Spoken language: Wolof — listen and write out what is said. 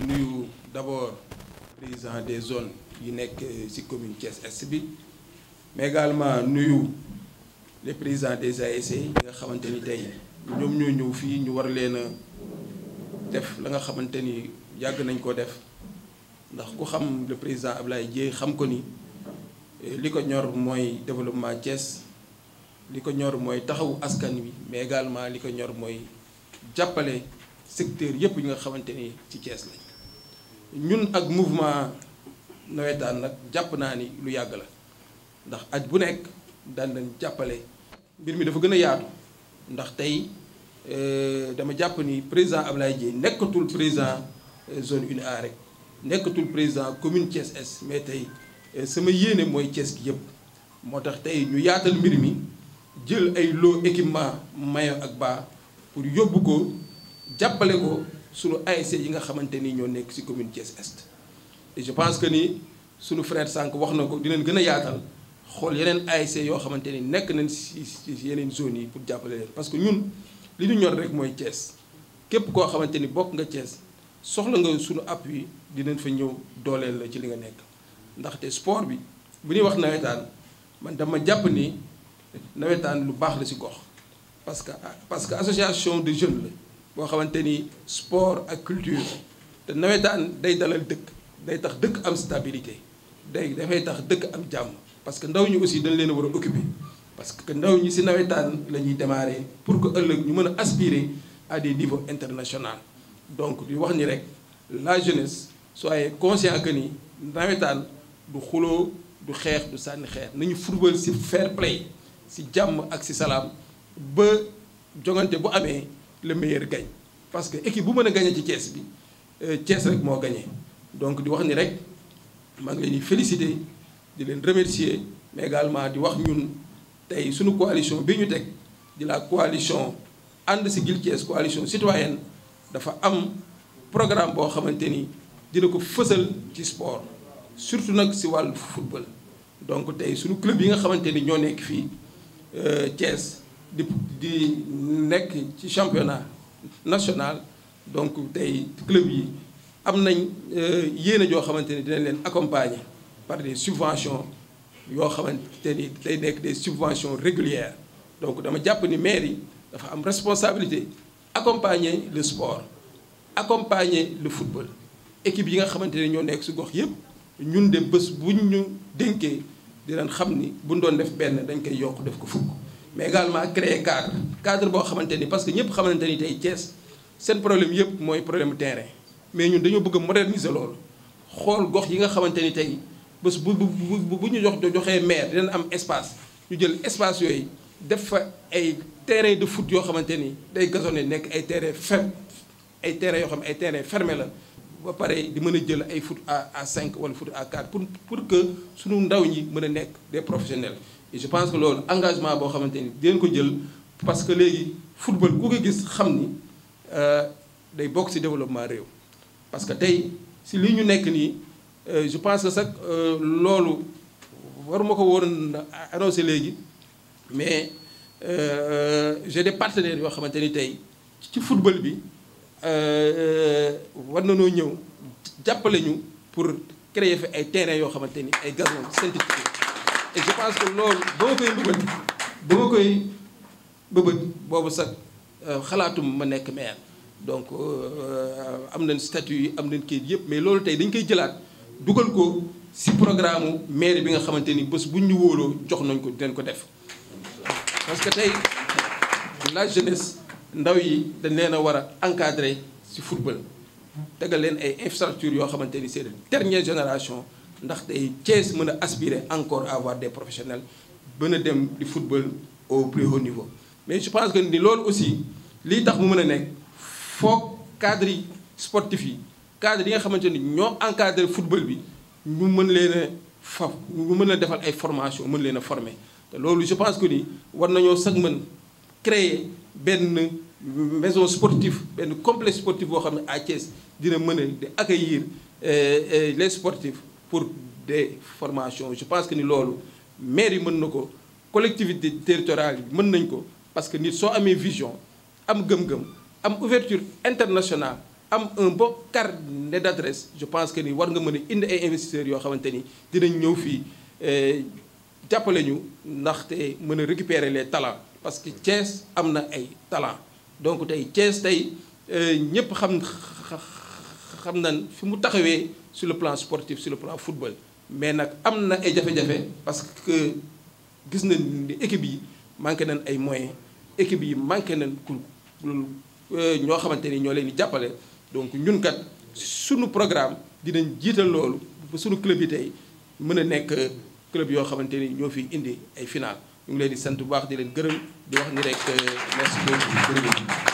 di nuyu d'abord président des zones yi nekk euh, ci commune Thiès Est bi mais également nuyu les présidents des ASC e yi nga xamante ni tey ñoom ñoo ñëw fii ñu war leen a def la nga xamante ni yàgg nañ ko def ndax ku xam le président Ablaye Dièye xam ko ni euh, li ko ñor mooy développement Thiès li ko ñor mooy taxawu askan wi mais également li ko ñor mooy jàppale secteur yëpp yi nga xamante ni ci Thiès lañ ñun ak mouvement nawetaan nag jàpp naa ni lu yàgg la ndax at bu nekk daan jàppale. mbir mi dafa gën a yaatu ndax tey euh, dama jàpp ni président Ablaye Dièye nekkatul président euh, zone 1A rek nekkatul président commune Thiès Est mais tey euh, sama yéene mooy Thiès gi yëpp moo tax tey ñu yaatal mbir mi jël ay loo équipement maillot ak bas pour yóbbu ko jàppale ko. sunu ASC yi nga xamante ni ñoo nekk ci commune Thiès Est et je pense que ni sunu frère Sànq wax na ko dinañ gën a yaatal xool yeneen ASC yoo xamante ni nekk nañ ci yeneen zones yi pour jàppale leen parce que ñun li ñu ñor rek mooy Thiès képp koo xamante ni bokk nga Thiès soxla nga sunu appui dinañ fa ñëw dooleel la ci li nga nekk ndaxte sport bi bu ñuy wax nawetaan man dama jàpp ni nawetaan lu baax la ci gox parce que parce que association de jeunes boo xamante ni sport ak culture te nawetaan day dalal dëkk day tax dëkk am stabilité day dafay tax dëkk am jàmm parce que ndaw ñi aussi dañ leen war a occuper parce que ndaw ñi si nawetaan la ñuy démarrer pour que ëllëg ñu mën a aspirer à des niveaux international donc di wax nii rek la jeunesse soyez conscient que ni nawetaan du xuloo du xeex du sànni xeer nañu football si fair play si jàmm ak si salaam ba jongante bu amee le meilleur gagne parce que équipe bu mën a gagné ci Thiès bi euh, Thiès rek moo gagné donc di wax ni rek man ngi leen di féliciter di leen remercier mais également di wax ñun tey suñu coalition bi ñu teg di la coalition ànd Siggil Thiès coalition citoyenne dafa am programme boo xamante ni dina ko fësal ci sport surtout nag si wàllu football donc tey suñu club yi nga xamante ni ñoo nekk fii euh, Thiès di di nekk ci championnat national donc tey club yi am nañ euh, yéene joo xamante ni dinañ leen accompagner par des subventions yoo xamante ni day nekk des subventions régulières donc dama jàpp ni maire yi dafa am responsabilité accompagner le sport accompagner le football équipe yi nga xamante ne ñoo nekk si gox yëpp ñun de bës bu ñu di dinañ xam ni buñ doon def benn dañ koy yokk def ko fukk mais également créer cadre cadre boo xamante ni parce que ñëpp xamante ni tey Thiès seen problème yëpp mooy problème terrain mais ñun dañoo bëgg a moderniser loolu xool gox yi nga xamante ni tey bés bu bu bu ñu jox joxee maire dinañ am espace ñu jël espace yooyu def fa ay terrain de foot yoo xamante ni day gazonné nekk ay terrain ferme ay terrain yoo xam ay terrain fermé la ba pare di mën a jël ay foot à cinq wala foot à quatre pour pour que suñu ndaw ñi mën a nekk des professionnels je pense que loolu engagement boo xamante ni dinañ ko jël parce que léegi football ku ko gis xam ni euh, day bokk ci développement réew parce que tey si li ñu nekk nii euh, je pense que sax euh, loolu waruma ko woon annoncé léegi mais j'ai des partenaires yoo xamante ni tey ci football bi war na noo ñëw jàppale ñu pour créer fi ay terrain yoo xamante ni ay gazon synthétique et je pense que loolu ba ma koy mbëbët ba ma koy mbëbët boobu sax euh, xalaatum ma nekk maire donc euh, euh, am nañ statut yi am nañ kayit yëpp mais loolu tey dañ koy jëlaat dugal ko si programme maire bi nga xamante ni bés buñ ñu wóoloo jox nañ ko dinañ ko def parce que tey la jeunesse ndaw yi dañ leen a war a encadrer si football tegal leen ay infrastructures yoo xamante ni c'est la génération ndax tey Thiès mën a aspirer encore à avoir des professionnels bën dem di football au plus haut niveau mais je pense que ni loolu aussi lii tax mu mën a nekk foog cadre sportif yi cadre yi nga xamante ni ñoo encadré football bi ñu mën leen a fa ñu mën a defal ay formation mën leen a former te loolu je pense que nii war nañoo sax mën créer benn maison sportive benn complexe sportif boo xam ne à Thiès dina mën a di accueillir euh, euh, les sportifs pour des formation je pense que ni loolu maire yi mën na ko collectivité territoriale yi mën nañ ko parce que nit soo amee vision am gëm-gëm am ouverture internationale am un bon carnet d'adresse je pense que ni war nga mën a indi ay investisseurs yoo xamante ni dinañ ñëw fii eh, jàppale ñu ndaxte mën a récupérer les talents parce que Thiès am na ay talent donc tey Thiès tey eh, ñëpp xam xam na fi mu taxawee su le plan sportif sur le plan football mais nag am na ay jafe-jafe parce que gis nañ ni équipe yi manqué nañ ay moyens équipe yi manqué nañ ku euh, ñoo xamante ni ñoo leen di jàppale donc ñun kat suñu programme dinañ jiital loolu ba suñu club yi tey mën a nekk club yoo xamante ni ñoo fi indi ay final ñu ngi leen di sant bu baax di leen gërëm di wax ni rek euh, merci beaucoup